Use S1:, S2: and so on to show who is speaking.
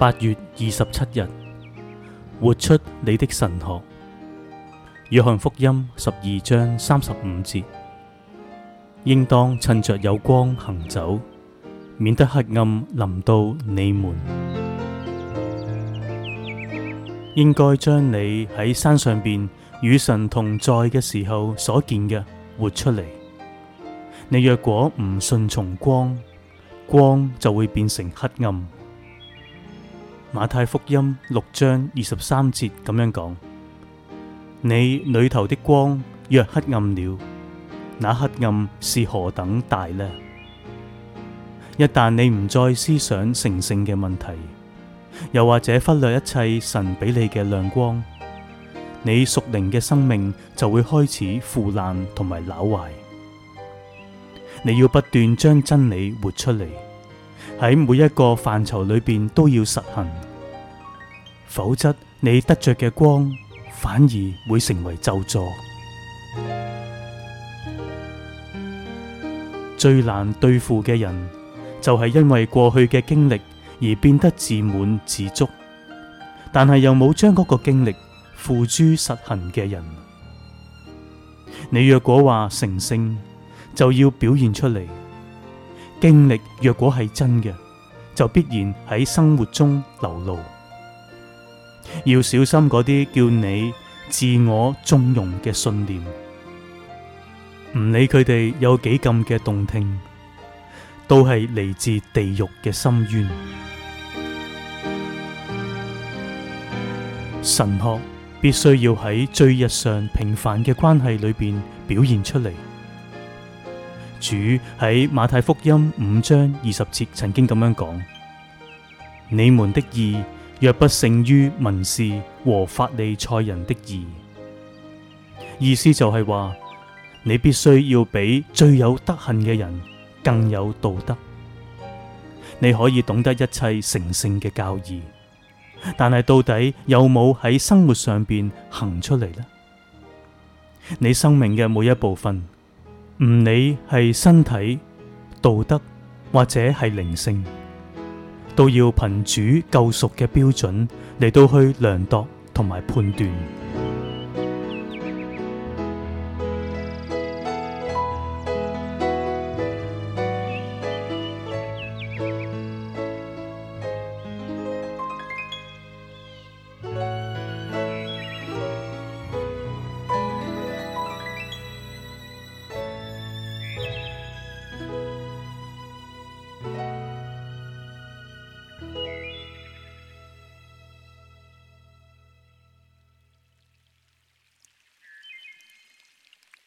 S1: 八月二十七日，活出你的神學。約翰福音十二章三十五節：應當趁着有光行走，免得黑暗臨到你們。應該將你喺山上邊與神同在嘅時候所見嘅活出嚟。你若果唔順從光，光就會變成黑暗。馬太福音六章二十三節咁樣講：你裏頭的光若黑暗了，那黑暗是何等大呢？一旦你唔再思想成聖嘅問題，又或者忽略一切神俾你嘅亮光，你屬靈嘅生命就會開始腐爛同埋朽壞。你要不斷將真理活出嚟。喺每一個範疇裏邊都要實行，否則你得着嘅光反而會成為咒助。最難對付嘅人，就係、是、因為過去嘅經歷而變得自滿自足，但係又冇將嗰個經歷付諸實行嘅人。你若果話成聖，就要表現出嚟。經歷若果係真嘅，就必然喺生活中流露。要小心嗰啲叫你自我縱容嘅信念，唔理佢哋有幾咁嘅動聽，都係嚟自地獄嘅深淵。神學必須要喺最日常平凡嘅關係裏面表現出嚟。主喺馬太福音五章二十節曾經咁樣講： 你們的義若不勝於文士和法利賽人的義，意思就係話你必須要比最有德行嘅人更有道德。你可以懂得一切成聖嘅教義，但係到底有冇喺生活上邊行出嚟呢？你生命嘅每一部分。唔理係身體、道德，或者係靈性，都要憑主救贖嘅標準嚟到去量度同埋判斷。